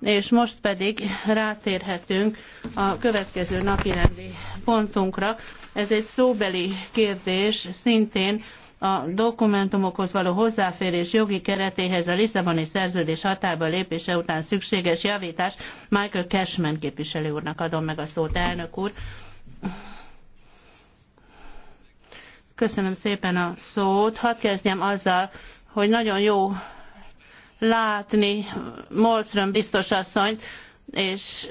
És most pedig rátérhetünk a következő napirendi pontunkra. Ez egy szóbeli kérdés, szintén a dokumentumokhoz való hozzáférés jogi keretéhez a Lisszaboni szerződés hatályba lépése után szükséges javítás. Michael Cashman képviselő úrnak adom meg a szót, elnök úr. Köszönöm szépen a szót. Hadd kezdjem azzal, hogy nagyon jó látni Molström biztosasszonyt, és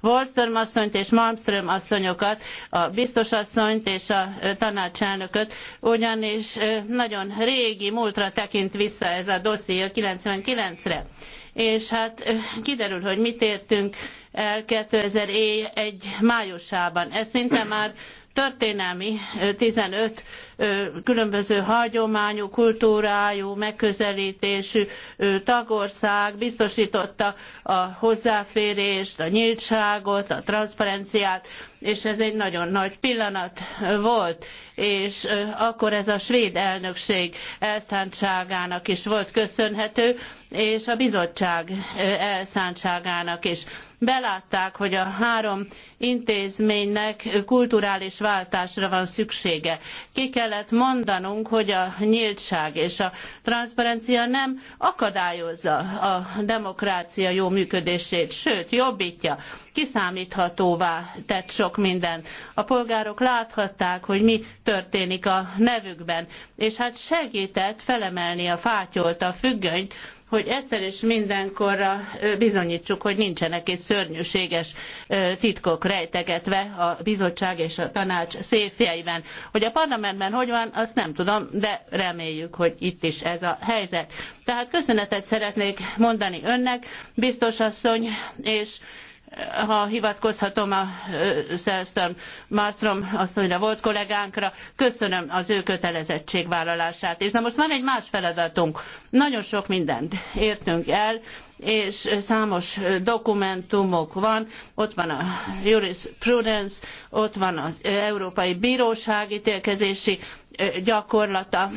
Wallström asszonyt és Malmström asszonyokat, a biztos asszonyt és a tanácselnököt, ugyanis nagyon régi múltra tekint vissza ez a dosszié 99-re. És hát kiderül, hogy mit értünk el 2001 májusában. Ez szinte már történelmi 15 különböző hagyományú, kultúrájú, megközelítésű tagország biztosította a hozzáférést, a nyíltságot, a transzparenciát, és ez egy nagyon nagy pillanat volt, és akkor ez a svéd elnökség elszántságának is volt köszönhető, és a bizottság elszántságának is. Belátták, hogy a három intézménynek kulturális váltásra van szüksége, ki kellett mondanunk, hogy a nyíltság és a transzparencia nem akadályozza a demokrácia jó működését, sőt, jobbítja, kiszámíthatóvá tett sok mindent. A polgárok láthatták, hogy mi történik a nevükben, és hát segített felemelni a fátyolt, a függönyt, hogy egyszer és mindenkorra bizonyítsuk, hogy nincsenek itt szörnyűséges titkok rejtegetve a bizottság és a tanács széfjeiben. Hogy a parlamentben hogy van, azt nem tudom, de reméljük, hogy itt is ez a helyzet. Tehát köszönetet szeretnék mondani önnek, biztos asszony, és ha hivatkozhatom a Szersztön Marstrom asszonyra, volt kollégánkra, köszönöm az ő kötelezettségvállalását. És na most van egy más feladatunk. Nagyon sok mindent értünk el, és számos dokumentumok van, ott van a jurisprudence, ott van az Európai Bíróság ítélkezési gyakorlata,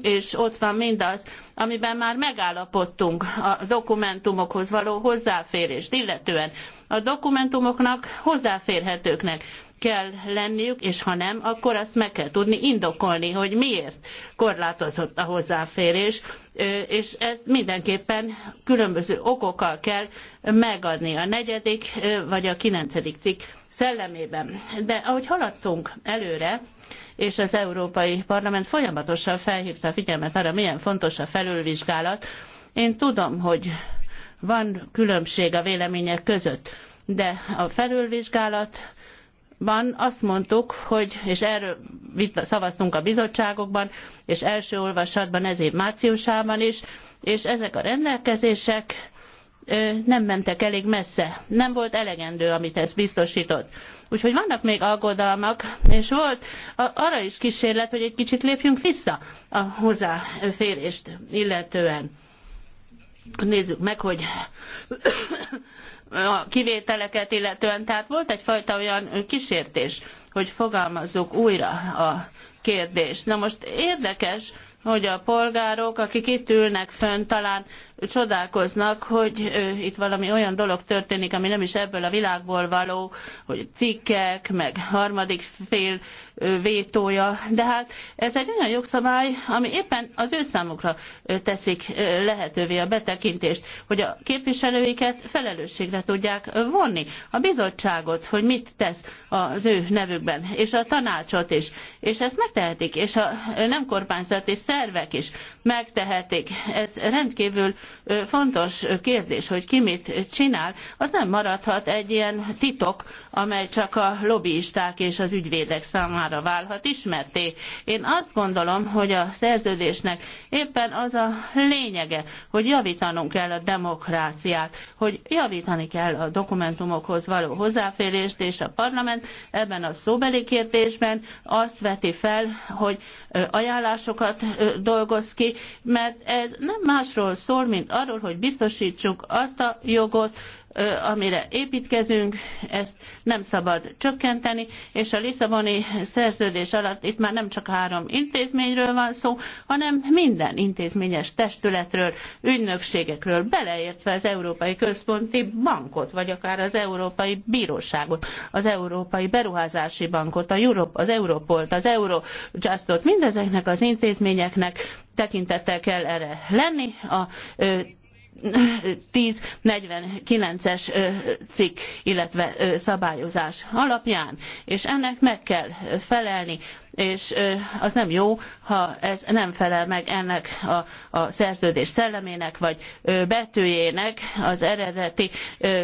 és ott van mindaz, amiben már megállapodtunk a dokumentumokhoz való hozzáférést, illetően a dokumentumoknak hozzáférhetőknek kell lenniük, és ha nem, akkor azt meg kell tudni indokolni, hogy miért korlátozott a hozzáférés, és ezt mindenképpen különböző okokkal kell megadni a negyedik vagy a kilencedik cikk szellemében. De ahogy haladtunk előre, és az Európai Parlament folyamatosan felhívta a figyelmet arra, milyen fontos a felülvizsgálat. Én tudom, hogy van különbség a vélemények között, de a felülvizsgálat Ban azt mondtuk, hogy, és erről szavaztunk a bizottságokban, és első olvasatban ez év márciusában is, és ezek a rendelkezések nem mentek elég messze. Nem volt elegendő, amit ez biztosított. Úgyhogy vannak még aggodalmak, és volt arra is kísérlet, hogy egy kicsit lépjünk vissza a hozzáférést illetően. Nézzük meg, hogy a kivételeket illetően, tehát volt egyfajta olyan kísértés, hogy fogalmazzuk újra a kérdést. Na most érdekes, hogy a polgárok, akik itt ülnek fönn, talán csodálkoznak, hogy itt valami olyan dolog történik, ami nem is ebből a világból való, hogy cikkek, meg harmadik fél vétója, de hát ez egy olyan jogszabály, ami éppen az ő számukra teszik lehetővé a betekintést, hogy a képviselőiket felelősségre tudják vonni, a bizottságot, hogy mit tesz az ő nevükben, és a tanácsot is, és ezt megtehetik, és a nem kormányzati szervek is megtehetik. Ez rendkívül fontos kérdés, hogy ki mit csinál. Az nem maradhat egy ilyen titok, amely csak a lobbyisták és az ügyvédek számára válhat ismerté. Én azt gondolom, hogy a szerződésnek éppen az a lényege, hogy javítanunk kell a demokráciát, hogy javítani kell a dokumentumokhoz való hozzáférést, és a parlament ebben a szóbeli kérdésben azt veti fel, hogy ajánlásokat dolgoz ki, mert ez nem másról szól, mint arról, hogy biztosítsuk azt a jogot, amire építkezünk, ezt nem szabad csökkenteni, és a Lisszaboni szerződés alatt itt már nem csak három intézményről van szó, hanem minden intézményes testületről, ügynökségekről, beleértve az Európai Központi Bankot, vagy akár az Európai Bíróságot, az Európai Beruházási Bankot, a Europe, az Europolt, az Eurojustot, mindezeknek az intézményeknek tekintettel kell erre lenni. A 1049-es cikk, illetve szabályozás alapján, és ennek meg kell felelni és az nem jó, ha ez nem felel meg ennek a, a szerződés szellemének vagy betűjének. Az eredeti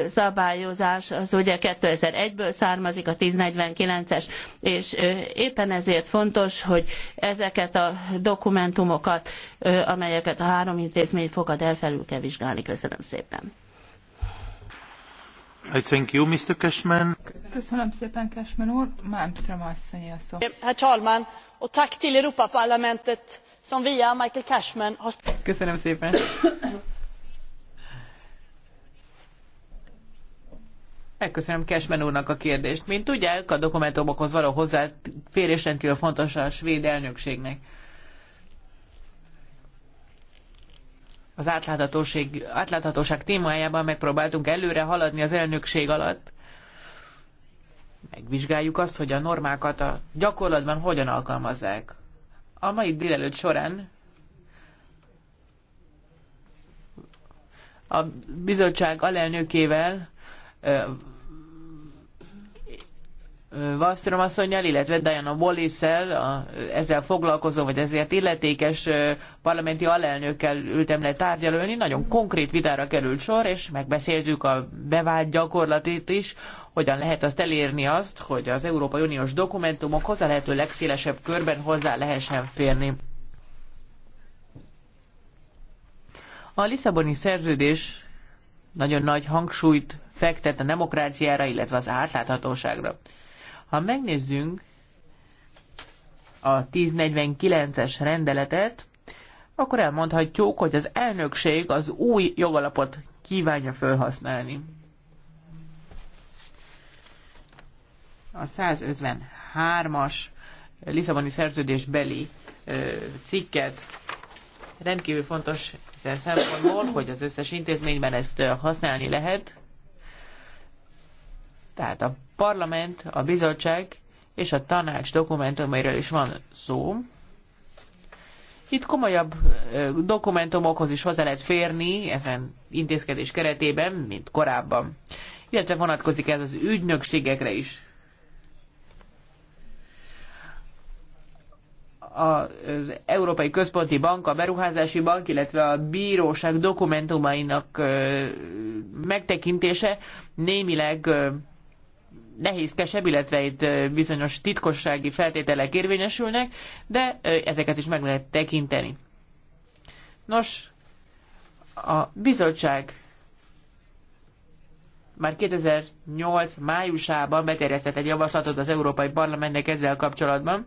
szabályozás az ugye 2001-ből származik, a 1049-es, és éppen ezért fontos, hogy ezeket a dokumentumokat, amelyeket a három intézmény fogad el, felül kell vizsgálni. Köszönöm szépen. I thank you, Mr. Cashman. Köszönöm szépen, Cashman úr. Malmström asszony a szó. Herr talman, och tack till Europaparlamentet som via Michael Cashman har... Köszönöm szépen. Megköszönöm Cashman úrnak a kérdést. Mint tudják, a dokumentumokhoz való hozzáférés rendkívül fontos a svéd elnökségnek. az átláthatóság, átláthatóság témájában megpróbáltunk előre haladni az elnökség alatt. Megvizsgáljuk azt, hogy a normákat a gyakorlatban hogyan alkalmazzák. A mai délelőtt során a bizottság alelnökével Wallström asszonynal, illetve Diana wallis a, ezzel foglalkozó, vagy ezért illetékes parlamenti alelnökkel ültem le tárgyalni. Nagyon konkrét vitára került sor, és megbeszéltük a bevált gyakorlatit is, hogyan lehet azt elérni azt, hogy az Európai Uniós dokumentumokhoz a lehető legszélesebb körben hozzá lehessen férni. A Lisszaboni szerződés nagyon nagy hangsúlyt fektet a demokráciára, illetve az átláthatóságra. Ha megnézzünk a 1049-es rendeletet, akkor elmondhatjuk, hogy az elnökség az új jogalapot kívánja felhasználni. A 153-as Lisszaboni szerződés beli cikket rendkívül fontos hiszen szempontból, hogy az összes intézményben ezt használni lehet. Tehát a parlament, a bizottság és a tanács dokumentumairól is van szó. Itt komolyabb dokumentumokhoz is hozzá lehet férni ezen intézkedés keretében, mint korábban. Illetve vonatkozik ez az ügynökségekre is. az Európai Központi Bank, a Beruházási Bank, illetve a bíróság dokumentumainak megtekintése némileg nehézkesebb, illetve itt bizonyos titkossági feltételek érvényesülnek, de ezeket is meg lehet tekinteni. Nos, a bizottság már 2008 májusában beterjesztett egy javaslatot az Európai Parlamentnek ezzel kapcsolatban,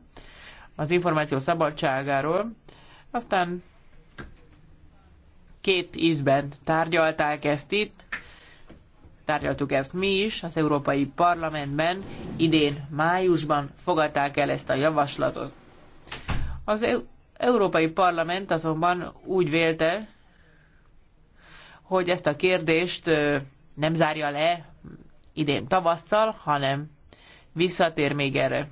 az információ szabadságáról. Aztán két ízben tárgyalták ezt itt, tárgyaltuk ezt mi is az Európai Parlamentben, idén májusban fogadták el ezt a javaslatot. Az Európai Parlament azonban úgy vélte, hogy ezt a kérdést nem zárja le idén tavasszal, hanem visszatér még erre.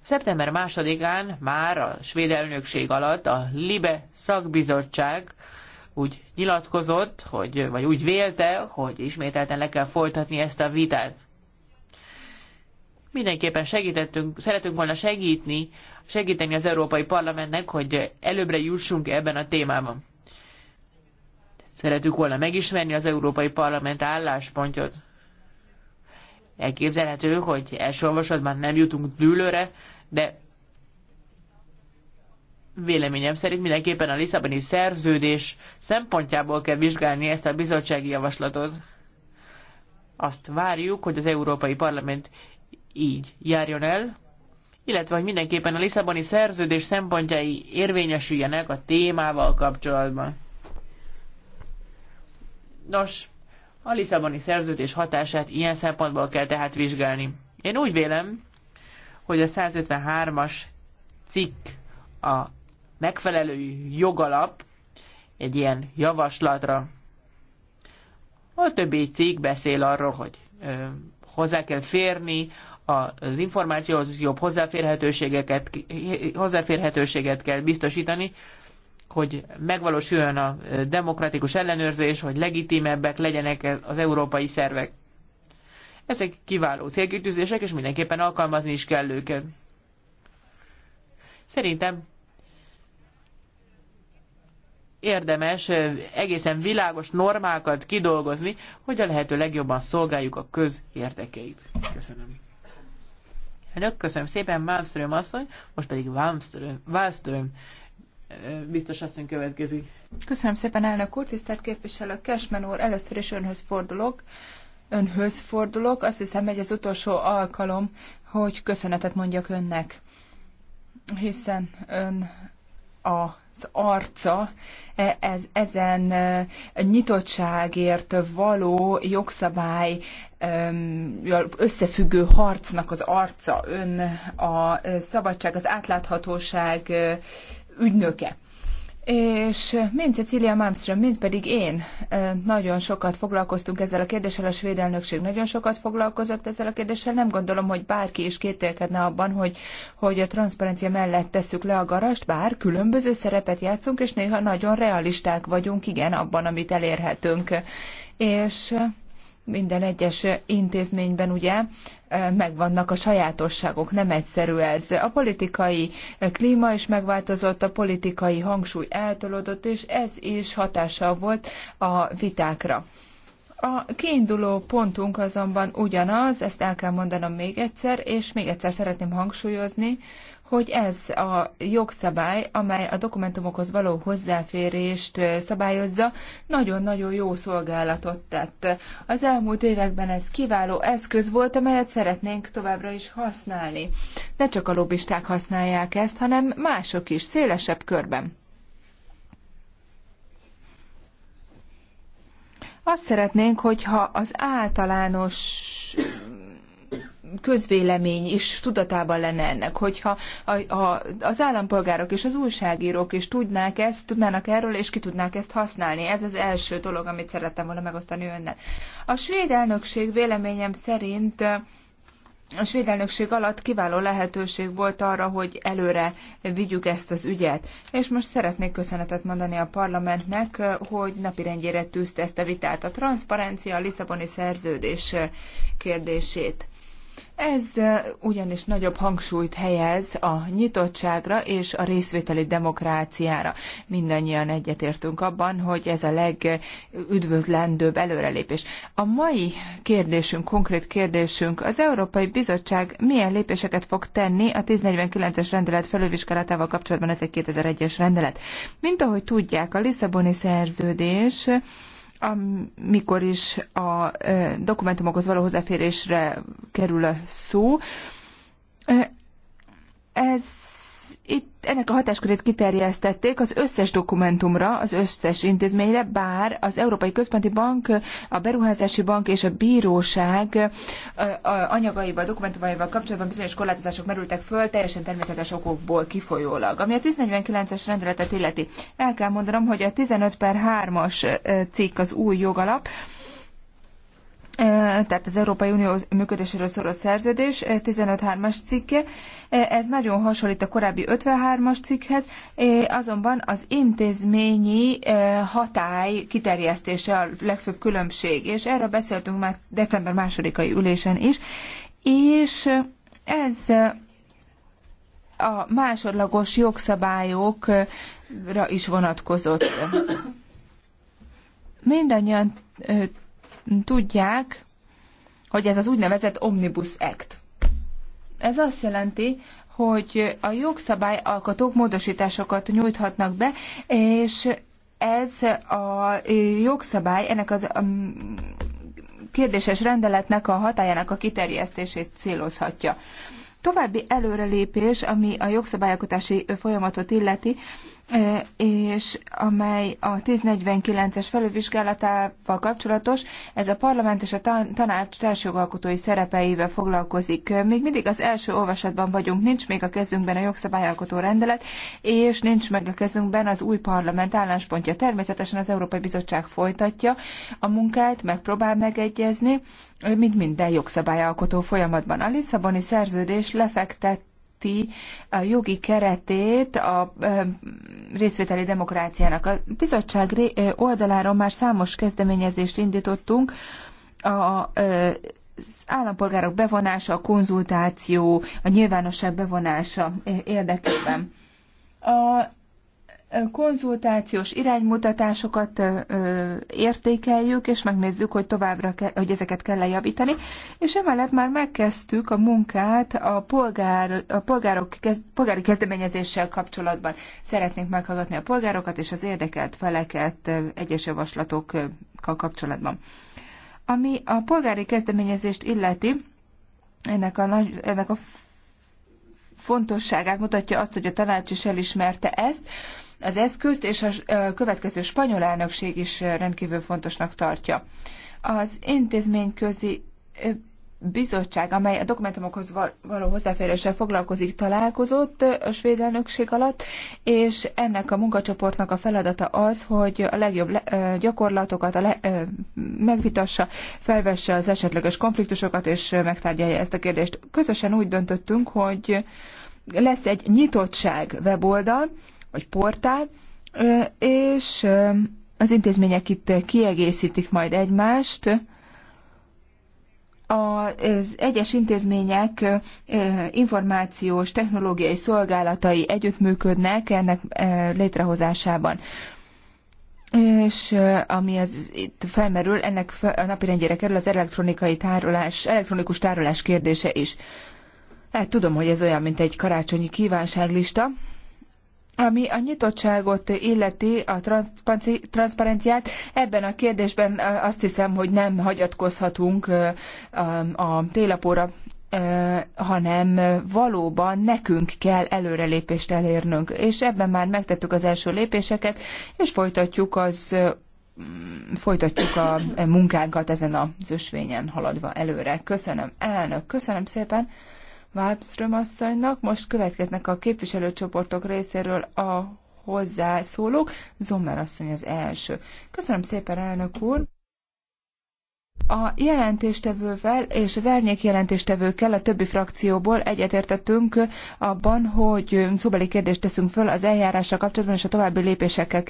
Szeptember másodikán már a svéd elnökség alatt a LIBE szakbizottság úgy nyilatkozott, hogy, vagy úgy vélte, hogy ismételten le kell folytatni ezt a vitát. Mindenképpen segítettünk, szeretünk volna segíteni, segíteni az Európai Parlamentnek, hogy előbbre jussunk ebben a témában. Szeretük volna megismerni az Európai Parlament álláspontját. Elképzelhető, hogy első olvasatban nem jutunk dűlőre, de véleményem szerint mindenképpen a Lisszaboni szerződés szempontjából kell vizsgálni ezt a bizottsági javaslatot. Azt várjuk, hogy az Európai Parlament így járjon el, illetve hogy mindenképpen a Lisszaboni szerződés szempontjai érvényesüljenek a témával kapcsolatban. Nos, a Lisszaboni szerződés hatását ilyen szempontból kell tehát vizsgálni. Én úgy vélem, hogy a 153-as cikk a megfelelő jogalap egy ilyen javaslatra. A többi cikk beszél arról, hogy ö, hozzá kell férni az információhoz, jobb hozzáférhetőségeket, hozzáférhetőséget kell biztosítani, hogy megvalósuljon a demokratikus ellenőrzés, hogy legitimebbek legyenek az európai szervek. Ezek kiváló célkitűzések, és mindenképpen alkalmazni is kell őket. Szerintem érdemes egészen világos normákat kidolgozni, hogy a lehető legjobban szolgáljuk a közérdekeit. Köszönöm. Önök, köszönöm szépen, Malmström asszony, most pedig Malmström, Wallström biztos asszony következik. Köszönöm szépen, elnök úr, tisztelt képviselő Kesmen úr, először is önhöz fordulok. Önhöz fordulok, azt hiszem, hogy az utolsó alkalom, hogy köszönetet mondjak önnek, hiszen ön a arca e, ez, ezen e, nyitottságért való jogszabály e, összefüggő harcnak az arca ön a szabadság, az átláthatóság ügynöke. És mind Cecilia Malmström, mind pedig én nagyon sokat foglalkoztunk ezzel a kérdéssel, a svéd elnökség nagyon sokat foglalkozott ezzel a kérdéssel. Nem gondolom, hogy bárki is kételkedne abban, hogy, hogy a transzparencia mellett tesszük le a garast, bár különböző szerepet játszunk, és néha nagyon realisták vagyunk, igen, abban, amit elérhetünk. És minden egyes intézményben ugye megvannak a sajátosságok, nem egyszerű ez. A politikai klíma is megváltozott, a politikai hangsúly eltolódott, és ez is hatással volt a vitákra. A kiinduló pontunk azonban ugyanaz, ezt el kell mondanom még egyszer, és még egyszer szeretném hangsúlyozni, hogy ez a jogszabály, amely a dokumentumokhoz való hozzáférést szabályozza, nagyon-nagyon jó szolgálatot tett. Az elmúlt években ez kiváló eszköz volt, amelyet szeretnénk továbbra is használni. Ne csak a lobbisták használják ezt, hanem mások is, szélesebb körben. Azt szeretnénk, hogyha az általános közvélemény is tudatában lenne ennek, hogyha a, a, az állampolgárok és az újságírók is tudnák ezt, tudnának erről, és ki tudnák ezt használni. Ez az első dolog, amit szerettem volna megosztani önnel. A svéd elnökség véleményem szerint a svéd elnökség alatt kiváló lehetőség volt arra, hogy előre vigyük ezt az ügyet. És most szeretnék köszönetet mondani a parlamentnek, hogy napirendjére tűzte ezt a vitát, a transzparencia, a Lisszaboni szerződés kérdését. Ez ugyanis nagyobb hangsúlyt helyez a nyitottságra és a részvételi demokráciára. Mindannyian egyetértünk abban, hogy ez a legüdvözlendőbb előrelépés. A mai kérdésünk, konkrét kérdésünk, az Európai Bizottság milyen lépéseket fog tenni a 1049-es rendelet felülvizsgálatával kapcsolatban, ez egy 2001-es rendelet. Mint ahogy tudják, a Lisszaboni szerződés amikor is a dokumentumokhoz való hozzáférésre kerül a szó. Ez itt ennek a hatáskörét kiterjesztették az összes dokumentumra, az összes intézményre, bár az Európai Központi Bank, a Beruházási Bank és a Bíróság anyagaival, dokumentumaival kapcsolatban bizonyos korlátozások merültek föl, teljesen természetes okokból kifolyólag. Ami a 1049-es rendeletet illeti, el kell mondanom, hogy a 15 per 3-as cikk az új jogalap, tehát az Európai Unió működéséről szóló szerződés 15.3-as cikke. Ez nagyon hasonlít a korábbi 53-as cikkhez, azonban az intézményi hatály kiterjesztése a legfőbb különbség, és erről beszéltünk már december másodikai ülésen is, és ez a másodlagos jogszabályokra is vonatkozott. Mindannyian tudják, hogy ez az úgynevezett Omnibus Act. Ez azt jelenti, hogy a jogszabályalkotók módosításokat nyújthatnak be, és ez a jogszabály, ennek az um, kérdéses rendeletnek a hatájának a kiterjesztését célozhatja. További előrelépés, ami a jogszabályalkotási folyamatot illeti, és amely a 1049-es felülvizsgálatával kapcsolatos, ez a parlament és a tanács társjogalkotói szerepeivel foglalkozik. Még mindig az első olvasatban vagyunk, nincs még a kezünkben a jogszabályalkotó rendelet, és nincs meg a kezünkben az új parlament álláspontja. Természetesen az Európai Bizottság folytatja a munkát, megpróbál megegyezni, mint minden jogszabályalkotó folyamatban. A Lisszaboni szerződés lefektett a jogi keretét a részvételi demokráciának. A bizottság oldaláról már számos kezdeményezést indítottunk, a az állampolgárok bevonása, a konzultáció, a nyilvánosság bevonása érdekében. A konzultációs iránymutatásokat értékeljük, és megnézzük, hogy továbbra ke, hogy ezeket kell lejavítani, és emellett már megkezdtük a munkát a, polgár, a polgárok kez, polgári kezdeményezéssel kapcsolatban. Szeretnénk meghallgatni a polgárokat és az érdekelt feleket egyes javaslatokkal kapcsolatban. Ami a polgári kezdeményezést illeti, ennek a, nagy, ennek a fontosságát mutatja azt, hogy a tanács is elismerte ezt az eszközt, és a következő spanyol elnökség is rendkívül fontosnak tartja. Az intézményközi bizottság, amely a dokumentumokhoz való hozzáféréssel foglalkozik, találkozott a svéd elnökség alatt, és ennek a munkacsoportnak a feladata az, hogy a legjobb gyakorlatokat a le, megvitassa, felvesse az esetleges konfliktusokat, és megtárgyalja ezt a kérdést. Közösen úgy döntöttünk, hogy lesz egy nyitottság weboldal, vagy portál, és az intézmények itt kiegészítik majd egymást. Az egyes intézmények információs technológiai szolgálatai együttműködnek ennek létrehozásában és ami az itt felmerül, ennek a napirendjére kerül az elektronikai tárolás, elektronikus tárolás kérdése is. Hát tudom, hogy ez olyan, mint egy karácsonyi kívánságlista, ami a nyitottságot illeti, a transzparenciát, ebben a kérdésben azt hiszem, hogy nem hagyatkozhatunk a télapóra, hanem valóban nekünk kell előrelépést elérnünk. És ebben már megtettük az első lépéseket, és folytatjuk az folytatjuk a munkánkat ezen az ösvényen haladva előre. Köszönöm, elnök, köszönöm szépen. Wallström asszonynak. Most következnek a képviselőcsoportok részéről a hozzászólók. Zommer asszony az első. Köszönöm szépen, elnök úr! A jelentéstevővel és az árnyék jelentéstevőkkel a többi frakcióból egyetértettünk abban, hogy szóbeli kérdést teszünk föl az eljárással kapcsolatban és a további lépésekkel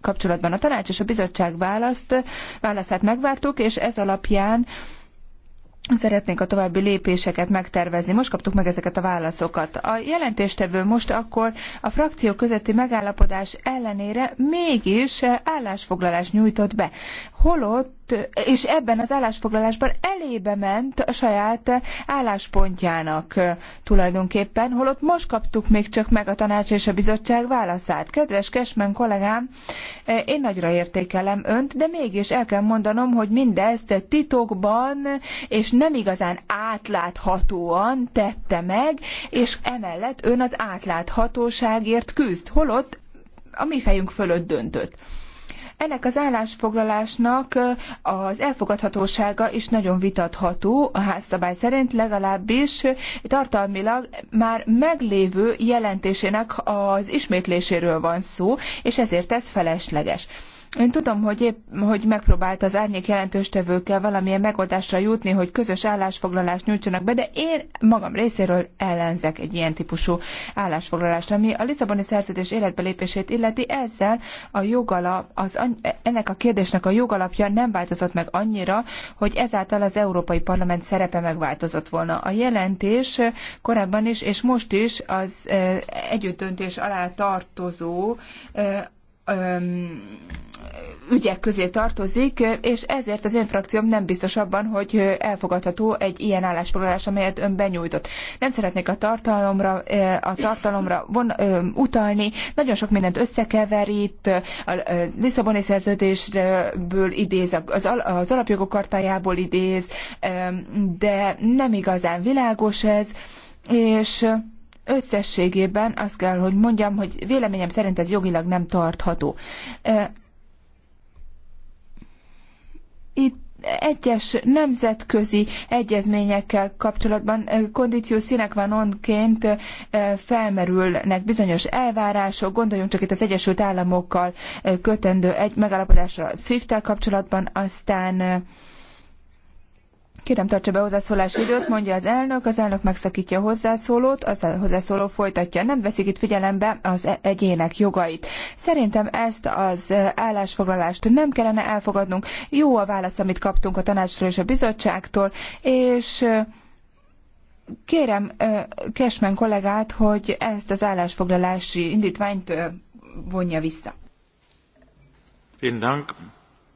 kapcsolatban. A tanács és a bizottság választ, válaszát megvártuk, és ez alapján szeretnék a további lépéseket megtervezni. Most kaptuk meg ezeket a válaszokat. A jelentéstevő most akkor a frakció közötti megállapodás ellenére mégis állásfoglalást nyújtott be. Holott és ebben az állásfoglalásban elébe ment a saját álláspontjának tulajdonképpen, holott most kaptuk még csak meg a tanács és a bizottság válaszát. Kedves Kesmen kollégám, én nagyra értékelem önt, de mégis el kell mondanom, hogy mindezt titokban és nem igazán átláthatóan tette meg, és emellett ön az átláthatóságért küzd, holott a mi fejünk fölött döntött. Ennek az állásfoglalásnak az elfogadhatósága is nagyon vitatható a házszabály szerint, legalábbis tartalmilag már meglévő jelentésének az ismétléséről van szó, és ezért ez felesleges. Én tudom, hogy, épp, hogy megpróbált az árnyék jelentőstevőkkel valamilyen megoldásra jutni, hogy közös állásfoglalást nyújtsanak be, de én magam részéről ellenzek egy ilyen típusú állásfoglalást, ami a Lisszaboni szerződés életbelépését illeti, ezzel a jogalap, az, ennek a kérdésnek a jogalapja nem változott meg annyira, hogy ezáltal az Európai Parlament szerepe megváltozott volna. A jelentés korábban is, és most is az eh, együttöntés alá tartozó eh, ügyek közé tartozik, és ezért az én frakcióm nem biztos abban, hogy elfogadható egy ilyen állásfoglalás, amelyet ön benyújtott. Nem szeretnék a tartalomra, eh, a tartalomra von, utalni, nagyon sok mindent összekeverít, a Lisszaboni szerződésből idéz, az, alapjogok kartájából idéz, de nem igazán világos ez, és összességében azt kell, hogy mondjam, hogy véleményem szerint ez jogilag nem tartható itt egyes nemzetközi egyezményekkel kapcsolatban kondíció színek van onként felmerülnek bizonyos elvárások, gondoljunk csak itt az Egyesült Államokkal kötendő egy megállapodásra a SWIFT-tel kapcsolatban, aztán Kérem, tartsa be hozzászólási időt, mondja az elnök, az elnök megszakítja a hozzászólót, az a hozzászóló folytatja, nem veszik itt figyelembe az e- egyének jogait. Szerintem ezt az e, állásfoglalást nem kellene elfogadnunk. Jó a válasz, amit kaptunk a tanácsról és a bizottságtól, és e, kérem Kesmen kollégát, hogy ezt az állásfoglalási indítványt vonja vissza. Vielen Dank.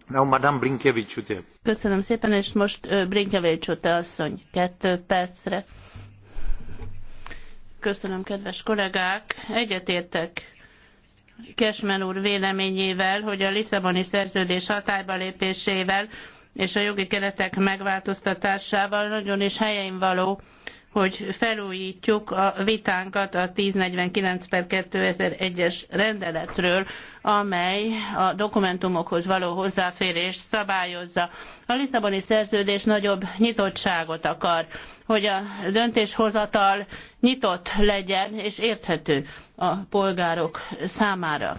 Now, Madame Brinkevics, Köszönöm szépen, és most Brinkevécs Ute asszony, kettő percre. Köszönöm, kedves kollégák. Egyetértek Kesmen úr véleményével, hogy a Lisszaboni szerződés hatályba lépésével és a jogi keretek megváltoztatásával nagyon is helyén való hogy felújítjuk a vitánkat a 1049 per 2001-es rendeletről, amely a dokumentumokhoz való hozzáférést szabályozza. A Lisszaboni szerződés nagyobb nyitottságot akar, hogy a döntéshozatal nyitott legyen és érthető a polgárok számára.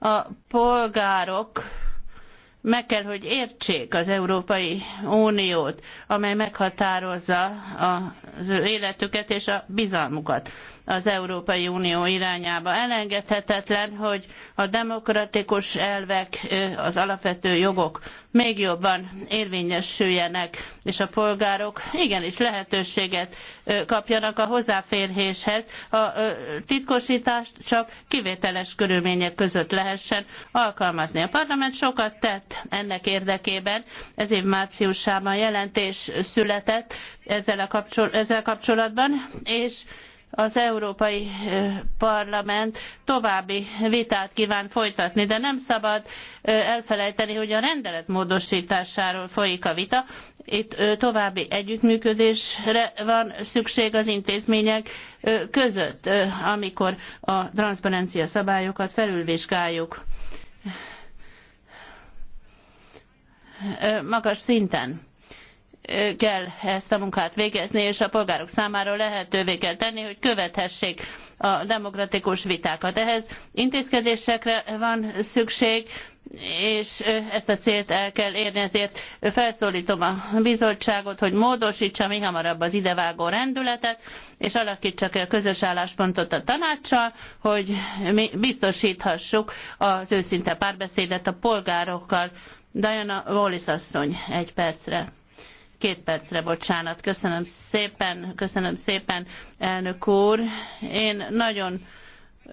A polgárok meg kell, hogy értsék az Európai Uniót, amely meghatározza az ő életüket és a bizalmukat az Európai Unió irányába. Elengedhetetlen, hogy a demokratikus elvek, az alapvető jogok még jobban érvényesüljenek, és a polgárok igenis lehetőséget kapjanak a hozzáféréshez. A titkosítást csak kivételes körülmények között lehessen alkalmazni. A parlament sokat tett ennek érdekében. Ez év márciusában jelentés született ezzel, a kapcsol- ezzel kapcsolatban, és az Európai eh, Parlament további vitát kíván folytatni, de nem szabad eh, elfelejteni, hogy a rendelet módosításáról folyik a vita. Itt eh, további együttműködésre van szükség az intézmények között, amikor a transzparencia szabályokat felülvizsgáljuk magas szinten kell ezt a munkát végezni, és a polgárok számára lehetővé kell tenni, hogy követhessék a demokratikus vitákat. Ehhez intézkedésekre van szükség, és ezt a célt el kell érni, ezért felszólítom a bizottságot, hogy módosítsa mi hamarabb az idevágó rendületet, és alakítsa ki a közös álláspontot a tanácssal, hogy mi biztosíthassuk az őszinte párbeszédet a polgárokkal. Diana Wallis asszony, egy percre. Két percre, bocsánat. Köszönöm szépen, köszönöm szépen, elnök úr. Én nagyon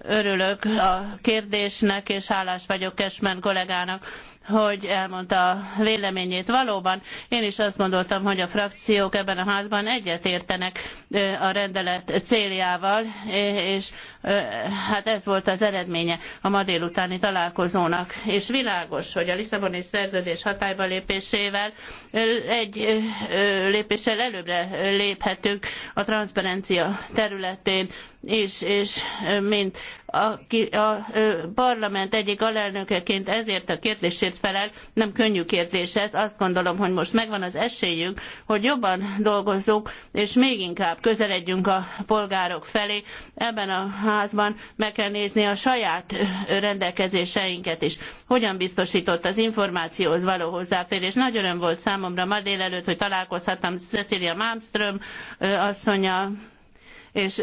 örülök a kérdésnek, és hálás vagyok Kesmen kollégának hogy elmondta a véleményét. Valóban én is azt gondoltam, hogy a frakciók ebben a házban egyetértenek a rendelet céljával, és hát ez volt az eredménye a ma délutáni találkozónak. És világos, hogy a Lisszaboni szerződés hatályba lépésével egy lépéssel előbbre léphetünk a transzparencia területén, és, és mint aki a parlament egyik alelnökeként ezért a kérdésért felel, nem könnyű kérdés ez. Azt gondolom, hogy most megvan az esélyünk, hogy jobban dolgozzunk, és még inkább közeledjünk a polgárok felé. Ebben a házban meg kell nézni a saját rendelkezéseinket is. Hogyan biztosított az információhoz való hozzáférés. Nagy öröm volt számomra ma délelőtt, hogy találkozhattam Cecilia Malmström asszonyal, és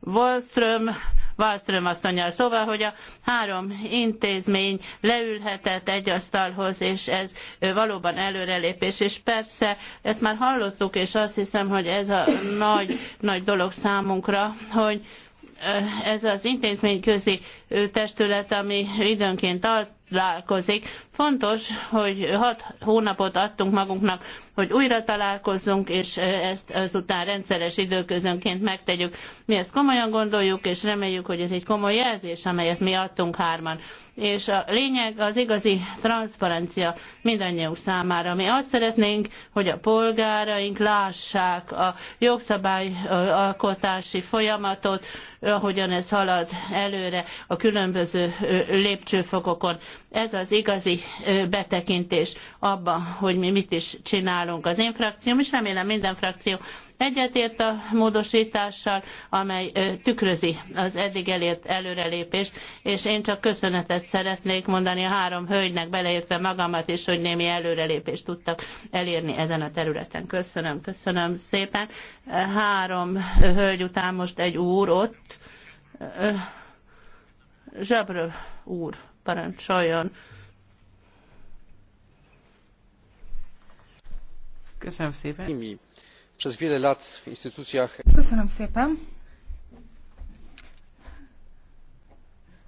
Wallström Wallström asszonyal. Szóval, hogy a három intézmény leülhetett egy asztalhoz, és ez valóban előrelépés. És persze, ezt már hallottuk, és azt hiszem, hogy ez a nagy, nagy dolog számunkra, hogy ez az intézményközi testület, ami időnként találkozik. Fontos, hogy hat hónapot adtunk magunknak, hogy újra találkozzunk, és ezt azután rendszeres időközönként megtegyük. Mi ezt komolyan gondoljuk, és reméljük, hogy ez egy komoly jelzés, amelyet mi adtunk hárman. És a lényeg az igazi transzparencia mindannyiunk számára. Mi azt szeretnénk, hogy a polgáraink lássák a jogszabályalkotási folyamatot, ahogyan ez halad előre a különböző lépcsőfokokon. Ez az igazi betekintés abba, hogy mi mit is csinálunk. Az én frakcióm, és remélem minden frakció egyetért a módosítással, amely tükrözi az eddig elért előrelépést, és én csak köszönetet szeretnék mondani a három hölgynek, beleértve magamat is, hogy némi előrelépést tudtak elérni ezen a területen. Köszönöm, köszönöm szépen. Három hölgy után most egy úr ott. Zsebrő úr, parancsoljon. Köszönöm szépen. Köszönöm szépen.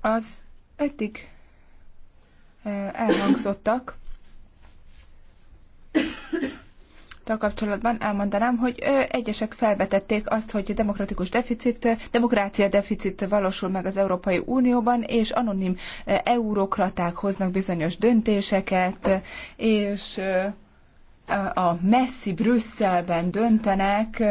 Az eddig e, elhangzottak a kapcsolatban elmondanám, hogy e, egyesek felvetették azt, hogy demokratikus deficit, demokrácia deficit valósul meg az Európai Unióban, és anonim e, eurokraták hoznak bizonyos döntéseket, és a messzi Brüsszelben döntenek,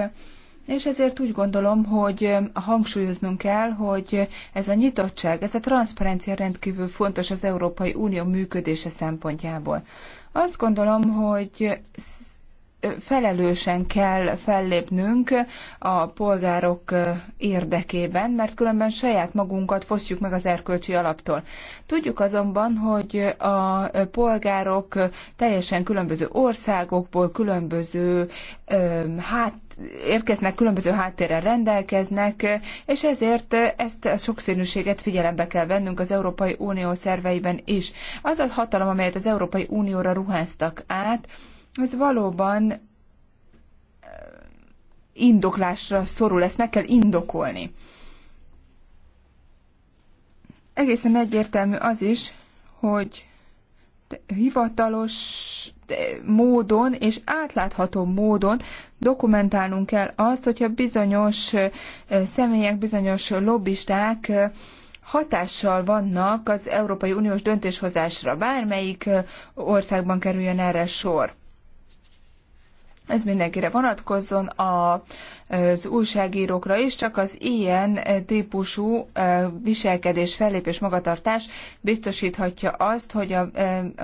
és ezért úgy gondolom, hogy hangsúlyoznunk kell, hogy ez a nyitottság, ez a transzparencia rendkívül fontos az Európai Unió működése szempontjából. Azt gondolom, hogy felelősen kell fellépnünk a polgárok érdekében, mert különben saját magunkat fosztjuk meg az erkölcsi alaptól. Tudjuk azonban, hogy a polgárok teljesen különböző országokból, különböző hát érkeznek, különböző háttérrel rendelkeznek, és ezért ezt a sokszínűséget figyelembe kell vennünk az Európai Unió szerveiben is. Az a hatalom, amelyet az Európai Unióra ruháztak át, ez valóban indoklásra szorul, ezt meg kell indokolni. Egészen egyértelmű az is, hogy hivatalos módon és átlátható módon dokumentálnunk kell azt, hogyha bizonyos személyek, bizonyos lobbisták hatással vannak az Európai Uniós döntéshozásra, bármelyik országban kerüljön erre sor ez mindenkire vonatkozzon, a, az újságírókra is, csak az ilyen típusú viselkedés, fellépés, magatartás biztosíthatja azt, hogy, a,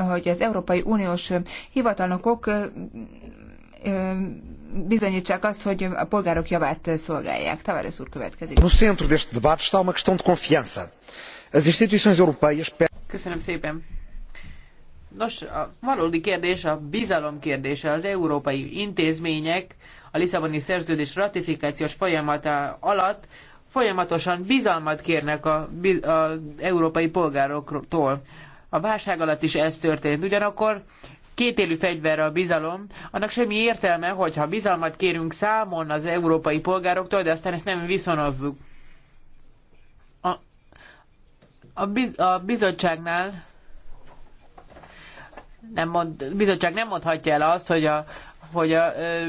hogy az Európai Uniós hivatalnokok bizonyítsák azt, hogy a polgárok javát szolgálják. Tavares úr következik. No centro deste debate está uma questão de confiança. As instituições europeias... Köszönöm szépen. Nos, a valódi kérdés a bizalom kérdése. Az európai intézmények a Lisszaboni szerződés ratifikációs folyamata alatt folyamatosan bizalmat kérnek az európai polgároktól. A válság alatt is ez történt. Ugyanakkor élő fegyver a bizalom, annak semmi értelme, hogyha bizalmat kérünk számon az európai polgároktól, de aztán ezt nem viszonozzuk. A, a, biz, a bizottságnál nem mond, bizottság nem mondhatja el azt, hogy a, hogy a ö,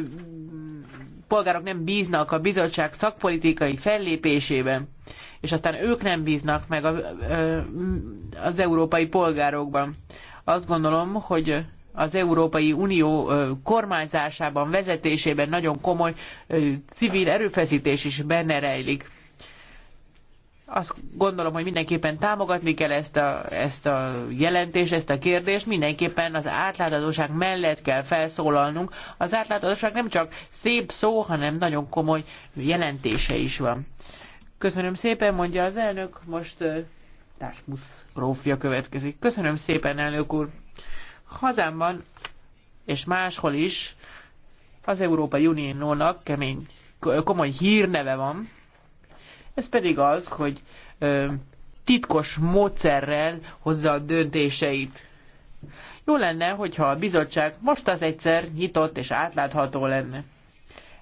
polgárok nem bíznak a bizottság szakpolitikai fellépésében, és aztán ők nem bíznak meg a, ö, az európai polgárokban. Azt gondolom, hogy az Európai Unió kormányzásában, vezetésében nagyon komoly civil erőfeszítés is benne rejlik. Azt gondolom, hogy mindenképpen támogatni kell ezt a, ezt a jelentést, ezt a kérdést, mindenképpen az átláthatóság mellett kell felszólalnunk. Az átláthatóság nem csak szép szó, hanem nagyon komoly jelentése is van. Köszönöm szépen, mondja az elnök, most uh, Társmusz grófja következik. Köszönöm szépen, elnök úr. Hazámban és máshol is az Európai Uniónak kemény, komoly hírneve van, ez pedig az, hogy ö, titkos módszerrel hozza a döntéseit. Jó lenne, hogyha a bizottság most az egyszer nyitott és átlátható lenne.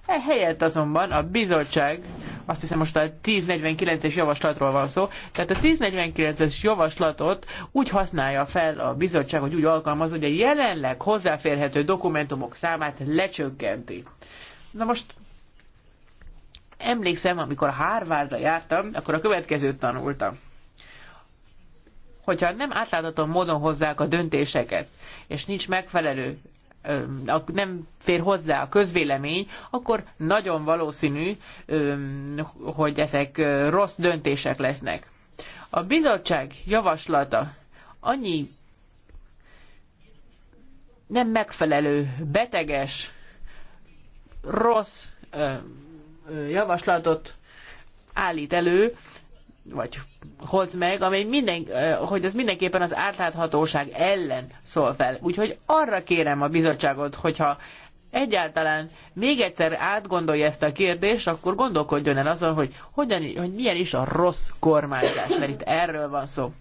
Ehelyett azonban a bizottság, azt hiszem most a 1049-es javaslatról van szó, tehát a 1049-es javaslatot úgy használja fel a bizottság, hogy úgy alkalmaz, hogy a jelenleg hozzáférhető dokumentumok számát lecsökkenti. Na most emlékszem, amikor Harvardra jártam, akkor a következőt tanultam. Hogyha nem átlátható módon hozzák a döntéseket, és nincs megfelelő nem fér hozzá a közvélemény, akkor nagyon valószínű, hogy ezek rossz döntések lesznek. A bizottság javaslata annyi nem megfelelő, beteges, rossz javaslatot állít elő, vagy hoz meg, amely minden, hogy ez mindenképpen az átláthatóság ellen szól fel. Úgyhogy arra kérem a bizottságot, hogyha egyáltalán még egyszer átgondolja ezt a kérdést, akkor gondolkodjon el azon, hogy, hogyan, hogy milyen is a rossz kormányzás, mert itt erről van szó.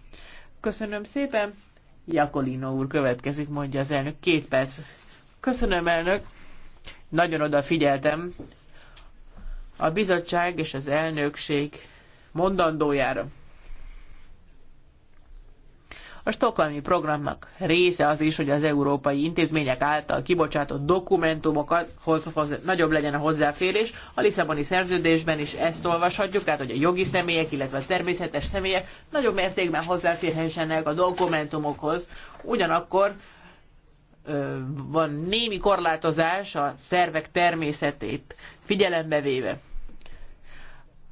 Köszönöm szépen. Jakolino úr következik, mondja az elnök. Két perc. Köszönöm, elnök. Nagyon odafigyeltem a bizottság és az elnökség mondandójára. A stokholmi programnak része az is, hogy az európai intézmények által kibocsátott dokumentumokhoz hoz, nagyobb legyen a hozzáférés. A Lisszaboni szerződésben is ezt olvashatjuk, tehát hogy a jogi személyek, illetve a természetes személyek nagyobb mértékben hozzáférhessenek a dokumentumokhoz. Ugyanakkor van némi korlátozás a szervek természetét figyelembe véve.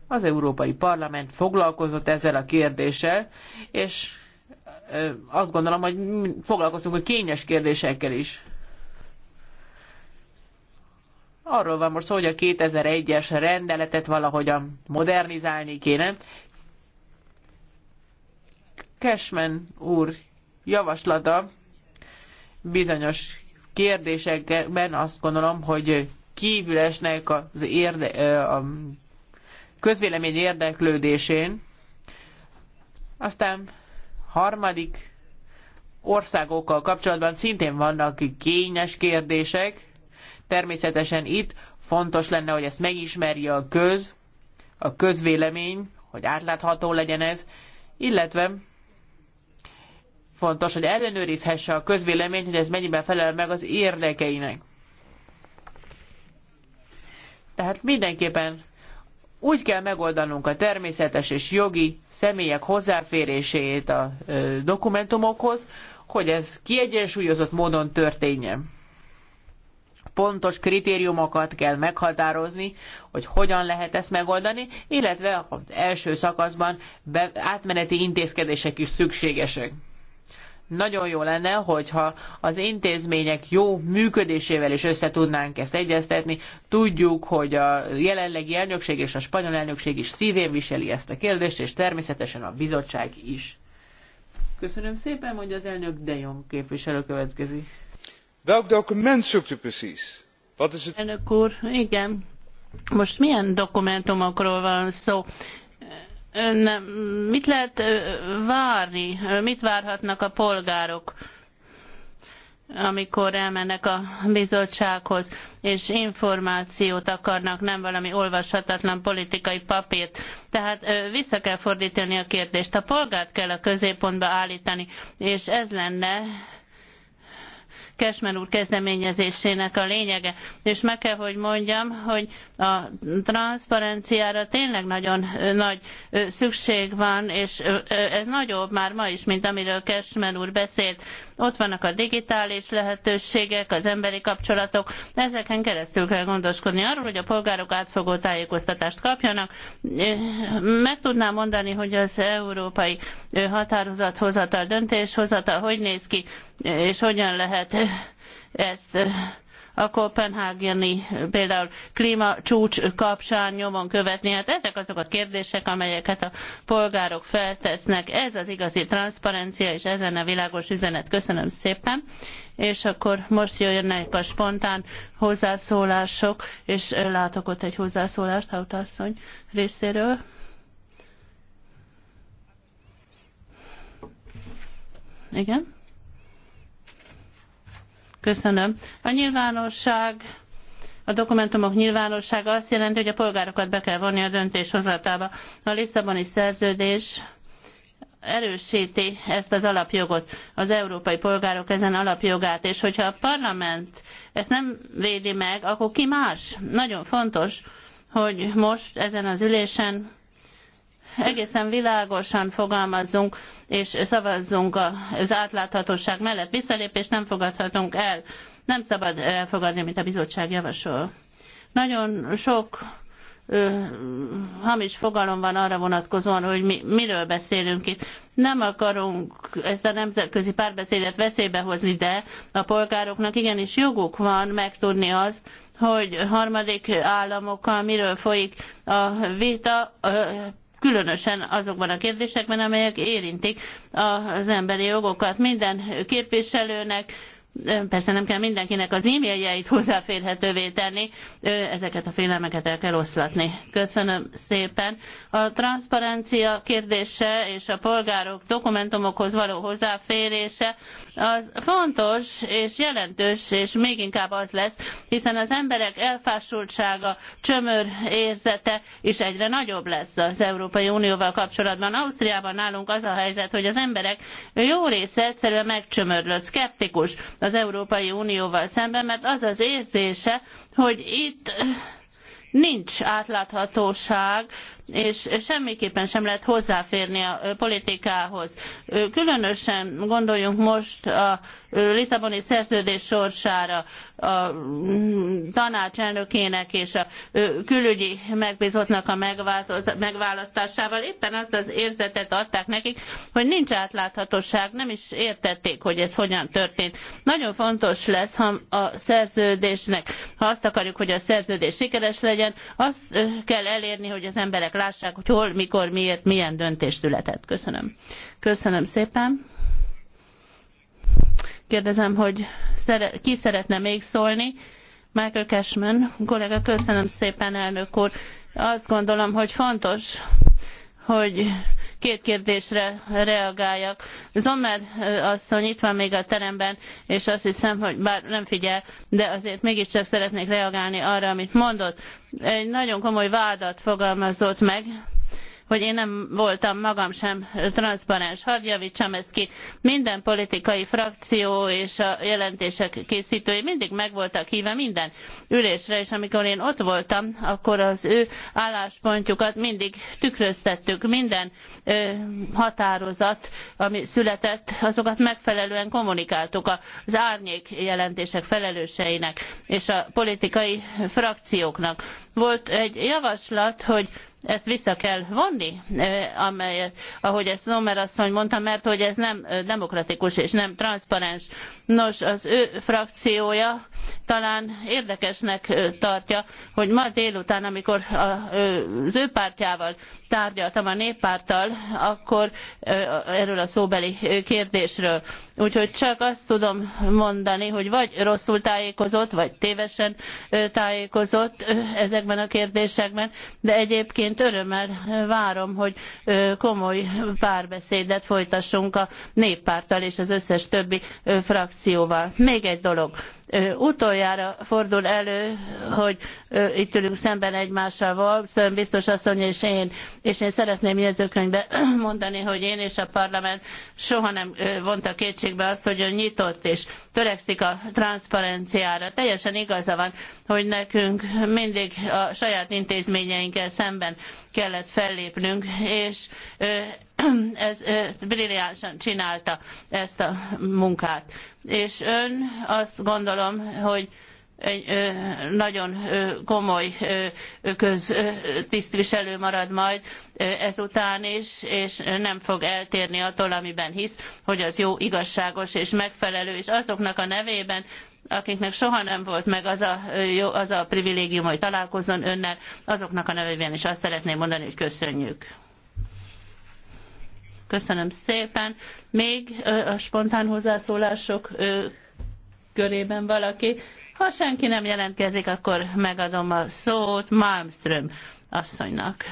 Az Európai Parlament foglalkozott ezzel a kérdéssel, és azt gondolom, hogy foglalkoztunk a kényes kérdésekkel is. Arról van most szó, hogy a 2001-es rendeletet valahogyan modernizálni kéne. Cashman úr javaslata bizonyos kérdésekben azt gondolom, hogy kívül esnek az érde, a közvélemény érdeklődésén. Aztán harmadik országokkal kapcsolatban szintén vannak kényes kérdések. Természetesen itt fontos lenne, hogy ezt megismerje a köz, a közvélemény, hogy átlátható legyen ez, illetve fontos, hogy ellenőrizhesse a közvéleményt, hogy ez mennyiben felel meg az érdekeinek. Tehát mindenképpen úgy kell megoldanunk a természetes és jogi személyek hozzáférését a dokumentumokhoz, hogy ez kiegyensúlyozott módon történjen. Pontos kritériumokat kell meghatározni, hogy hogyan lehet ezt megoldani, illetve az első szakaszban átmeneti intézkedések is szükségesek nagyon jó lenne, hogyha az intézmények jó működésével is össze tudnánk ezt egyeztetni. Tudjuk, hogy a jelenlegi elnökség és a spanyol elnökség is szívén viseli ezt a kérdést, és természetesen a bizottság is. Köszönöm szépen, hogy az elnök De Jong képviselő következik. Welk document zoekt u precies? Wat is het? Elnök úr, igen. Most milyen dokumentumokról van szó? nem, mit lehet várni, mit várhatnak a polgárok, amikor elmennek a bizottsághoz, és információt akarnak, nem valami olvashatatlan politikai papírt. Tehát vissza kell fordítani a kérdést. A polgárt kell a középpontba állítani, és ez lenne Kesmen úr kezdeményezésének a lényege. És meg kell, hogy mondjam, hogy a transzparenciára tényleg nagyon nagy szükség van, és ez nagyobb már ma is, mint amiről Kesmen úr beszélt. Ott vannak a digitális lehetőségek, az emberi kapcsolatok, ezeken keresztül kell gondoskodni arról, hogy a polgárok átfogó tájékoztatást kapjanak. Meg tudnám mondani, hogy az európai határozathozatal, döntéshozatal hogy néz ki és hogyan lehet ezt a kopenhágeni például klímacsúcs kapcsán nyomon követni. Hát ezek azok a kérdések, amelyeket a polgárok feltesznek. Ez az igazi transzparencia, és ez lenne a világos üzenet. Köszönöm szépen. És akkor most jönnek a spontán hozzászólások, és látok ott egy hozzászólást Hautasszony részéről. Igen? Köszönöm. A nyilvánosság a dokumentumok nyilvánossága azt jelenti, hogy a polgárokat be kell vonni a döntéshozatába. A Lisszaboni szerződés erősíti ezt az alapjogot, az európai polgárok ezen alapjogát, és hogyha a parlament ezt nem védi meg, akkor ki más? Nagyon fontos, hogy most ezen az ülésen egészen világosan fogalmazzunk és szavazzunk az átláthatóság mellett. Visszalépést nem fogadhatunk el. Nem szabad elfogadni, amit a bizottság javasol. Nagyon sok ö, hamis fogalom van arra vonatkozóan, hogy mi, miről beszélünk itt. Nem akarunk ezt a nemzetközi párbeszédet veszélybe hozni, de a polgároknak igenis joguk van megtudni az, hogy harmadik államokkal miről folyik a vita, különösen azokban a kérdésekben, amelyek érintik az emberi jogokat. Minden képviselőnek, persze nem kell mindenkinek az e-mailjeit hozzáférhetővé tenni, ezeket a félelmeket el kell oszlatni. Köszönöm szépen. A transzparencia kérdése és a polgárok dokumentumokhoz való hozzáférése az fontos és jelentős, és még inkább az lesz, hiszen az emberek elfásultsága, csömör érzete is egyre nagyobb lesz az Európai Unióval kapcsolatban. Ausztriában nálunk az a helyzet, hogy az emberek jó része egyszerűen megcsömörlött, szkeptikus az Európai Unióval szemben, mert az az érzése, hogy itt nincs átláthatóság, és semmiképpen sem lehet hozzáférni a politikához. Különösen gondoljunk most a Lisszaboni szerződés sorsára, a mm, tanács elnökének és a külügyi megbízottnak a megválasztásával éppen azt az érzetet adták nekik, hogy nincs átláthatóság, nem is értették, hogy ez hogyan történt. Nagyon fontos lesz ha a szerződésnek, ha azt akarjuk, hogy a szerződés sikeres legyen, azt kell elérni, hogy az emberek emberek lássák, hogy hol, mikor, miért, milyen döntés született. Köszönöm. Köszönöm szépen. Kérdezem, hogy szere- ki szeretne még szólni? Michael Cashman, kollega, köszönöm szépen, elnök úr. Azt gondolom, hogy fontos, hogy két kérdésre reagáljak. Zomer asszony itt van még a teremben, és azt hiszem, hogy bár nem figyel, de azért mégiscsak szeretnék reagálni arra, amit mondott. Egy nagyon komoly vádat fogalmazott meg, hogy én nem voltam magam sem transzparens. Hadd javítsam ezt ki. Minden politikai frakció és a jelentések készítői mindig meg voltak hívva minden ülésre, és amikor én ott voltam, akkor az ő álláspontjukat mindig tükröztettük. Minden ö, határozat, ami született, azokat megfelelően kommunikáltuk az árnyék jelentések felelőseinek és a politikai frakcióknak. Volt egy javaslat, hogy ezt vissza kell vonni, amely, ahogy ezt Nomer asszony mondta, mert hogy ez nem demokratikus és nem transzparens. Nos, az ő frakciója talán érdekesnek tartja, hogy ma délután, amikor az ő pártjával tárgyaltam a néppárttal, akkor erről a szóbeli kérdésről. Úgyhogy csak azt tudom mondani, hogy vagy rosszul tájékozott, vagy tévesen tájékozott ezekben a kérdésekben, de egyébként egyébként örömmel várom, hogy komoly párbeszédet folytassunk a néppárttal és az összes többi frakcióval. Még egy dolog Utoljára fordul elő, hogy itt ülünk szemben egymással, Wallström biztos asszony és én, és én szeretném jegyzőkönyvbe mondani, hogy én és a parlament soha nem vonta kétségbe azt, hogy ön nyitott és törekszik a transzparenciára. Teljesen igaza van, hogy nekünk mindig a saját intézményeinkkel szemben kellett fellépnünk, és ez brilliánsan csinálta ezt a munkát. És ön azt gondolom, hogy egy nagyon komoly köztisztviselő marad majd ezután is, és nem fog eltérni attól, amiben hisz, hogy az jó, igazságos és megfelelő, és azoknak a nevében, akiknek soha nem volt meg az a, az a privilégium, hogy találkozzon önnel, azoknak a nevében is azt szeretném mondani, hogy köszönjük. Köszönöm szépen. Még a spontán hozzászólások körében valaki. Ha senki nem jelentkezik, akkor megadom a szót Malmström asszonynak.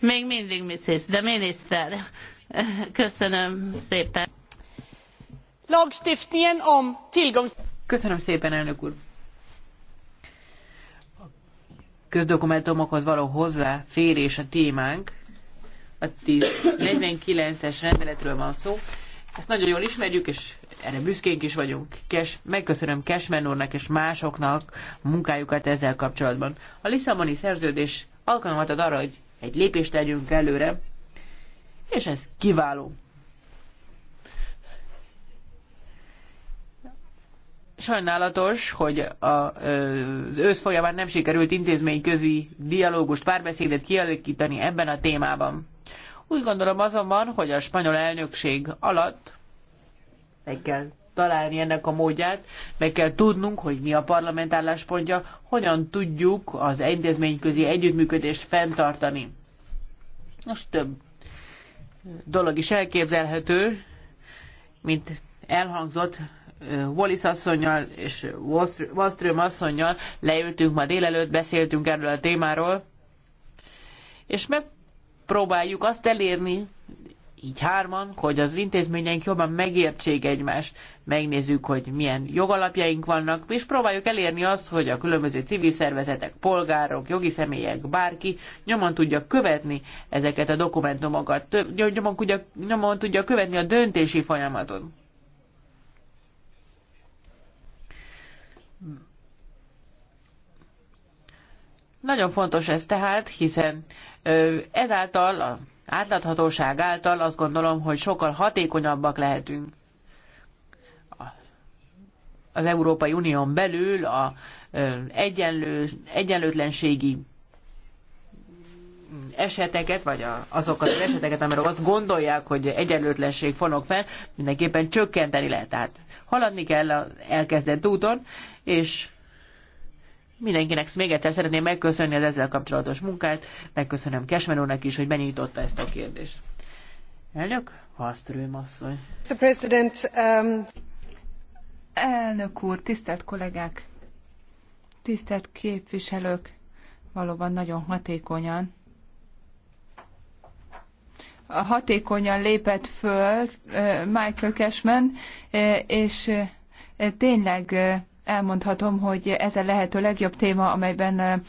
Még mindig Mrs. de miniszter. Köszönöm szépen. Lagstiftningen om tillgång... Köszönöm szépen, elnök úr. A közdokumentumokhoz való hozzáférés a témánk a 49 es rendeletről van szó. Ezt nagyon jól ismerjük, és erre büszkénk is vagyunk. Kes, megköszönöm Cashman úrnak és másoknak a munkájukat ezzel kapcsolatban. A Lisszaboni szerződés alkalmat ad arra, hogy egy lépést tegyünk előre, és ez kiváló. sajnálatos, hogy a, az ősz folyamán nem sikerült intézményközi dialógust, párbeszédet kialakítani ebben a témában. Úgy gondolom azonban, hogy a spanyol elnökség alatt meg kell találni ennek a módját, meg kell tudnunk, hogy mi a parlament álláspontja, hogyan tudjuk az egyezményközi együttműködést fenntartani. Most több dolog is elképzelhető, mint elhangzott Wallis asszonynal és Wallström asszonynal leültünk ma délelőtt, beszéltünk erről a témáról, és meg próbáljuk azt elérni, így hárman, hogy az intézményeink jobban megértsék egymást, megnézzük, hogy milyen jogalapjaink vannak, és próbáljuk elérni azt, hogy a különböző civil szervezetek, polgárok, jogi személyek, bárki nyomon tudja követni ezeket a dokumentumokat, nyomon tudja, nyomon tudja követni a döntési folyamatot. Nagyon fontos ez tehát, hiszen ezáltal, a átláthatóság által azt gondolom, hogy sokkal hatékonyabbak lehetünk az Európai Unión belül a egyenlő, egyenlőtlenségi eseteket, vagy a, azokat az eseteket, amelyek azt gondolják, hogy egyenlőtlenség fonok fel, mindenképpen csökkenteni lehet. Tehát haladni kell az elkezdett úton, és mindenkinek még egyszer szeretném megköszönni az ezzel kapcsolatos munkát, megköszönöm Kesmerónak is, hogy benyitotta ezt a kérdést. Elnök, Hasztrőm asszony. Mr. President, um... Elnök úr, tisztelt kollégák, tisztelt képviselők, valóban nagyon hatékonyan hatékonyan lépett föl uh, Michael Cashman, uh, és uh, tényleg elmondhatom, hogy ez a lehető legjobb téma, amelyben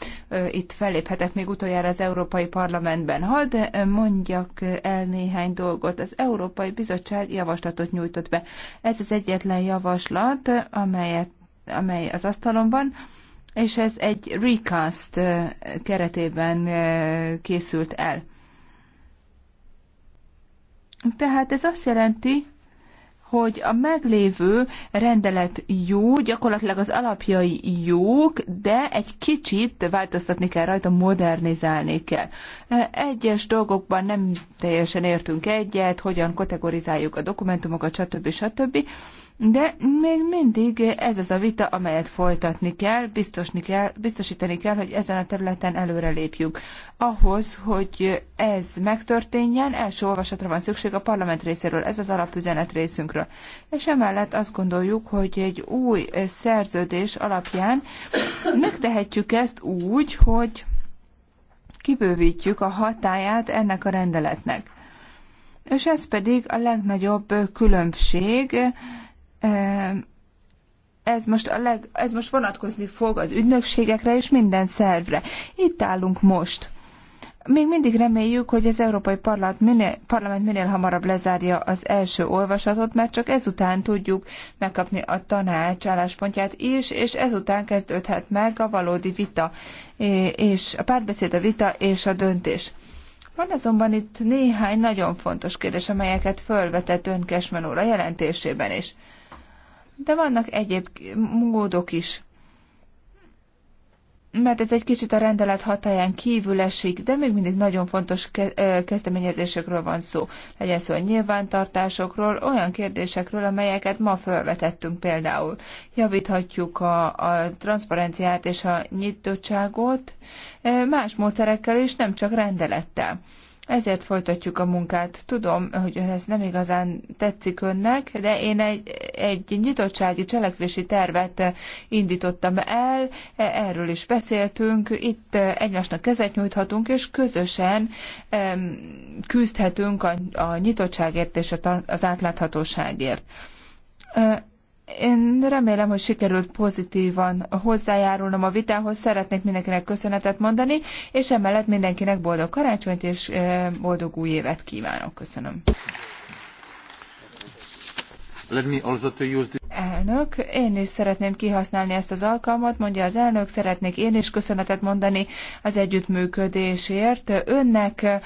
itt felléphetek még utoljára az Európai Parlamentben. de mondjak el néhány dolgot. Az Európai Bizottság javaslatot nyújtott be. Ez az egyetlen javaslat, amelyet, amely az asztalon van, és ez egy recast keretében készült el. Tehát ez azt jelenti, hogy a meglévő rendelet jó, gyakorlatilag az alapjai jók, de egy kicsit változtatni kell rajta, modernizálni kell. Egyes dolgokban nem teljesen értünk egyet, hogyan kategorizáljuk a dokumentumokat, stb. stb. De még mindig ez az a vita, amelyet folytatni kell, biztosni kell, biztosítani kell, hogy ezen a területen előrelépjünk. Ahhoz, hogy ez megtörténjen, első olvasatra van szükség a parlament részéről, ez az alapüzenet részünkről. És emellett azt gondoljuk, hogy egy új szerződés alapján megtehetjük ezt úgy, hogy kibővítjük a hatáját ennek a rendeletnek. És ez pedig a legnagyobb különbség, ez most, a leg, ez most vonatkozni fog az ügynökségekre és minden szervre. Itt állunk most. Még mindig reméljük, hogy az Európai Parlament minél, Parlament minél hamarabb lezárja az első olvasatot, mert csak ezután tudjuk megkapni a tanács álláspontját is, és ezután kezdődhet meg a valódi vita, és a párbeszéd, a vita és a döntés. Van azonban itt néhány nagyon fontos kérdés, amelyeket fölvetett Ön Kesmen úr a jelentésében is de vannak egyéb módok is. Mert ez egy kicsit a rendelet hatáján kívül esik, de még mindig nagyon fontos kezdeményezésekről van szó. Legyen szó a nyilvántartásokról, olyan kérdésekről, amelyeket ma felvetettünk például. Javíthatjuk a, a transzparenciát és a nyitottságot más módszerekkel is, nem csak rendelettel. Ezért folytatjuk a munkát. Tudom, hogy ez nem igazán tetszik önnek, de én egy, egy nyitottsági cselekvési tervet indítottam el, erről is beszéltünk, itt egymásnak kezet nyújthatunk, és közösen küzdhetünk a, a nyitottságért és az átláthatóságért én remélem, hogy sikerült pozitívan hozzájárulnom a vitához. Szeretnék mindenkinek köszönetet mondani, és emellett mindenkinek boldog karácsonyt és boldog új évet kívánok. Köszönöm. Elnök, én is szeretném kihasználni ezt az alkalmat, mondja az elnök, szeretnék én is köszönetet mondani az együttműködésért önnek,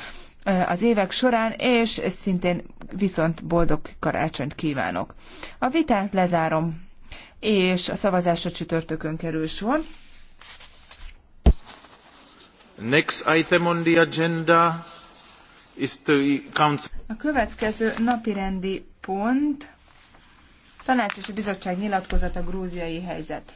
az évek során, és szintén viszont boldog karácsonyt kívánok. A vitát lezárom, és a szavazásra csütörtökön kerül sor. Next item on the agenda is to council. A következő napirendi pont tanács és a bizottság nyilatkozata grúziai helyzet.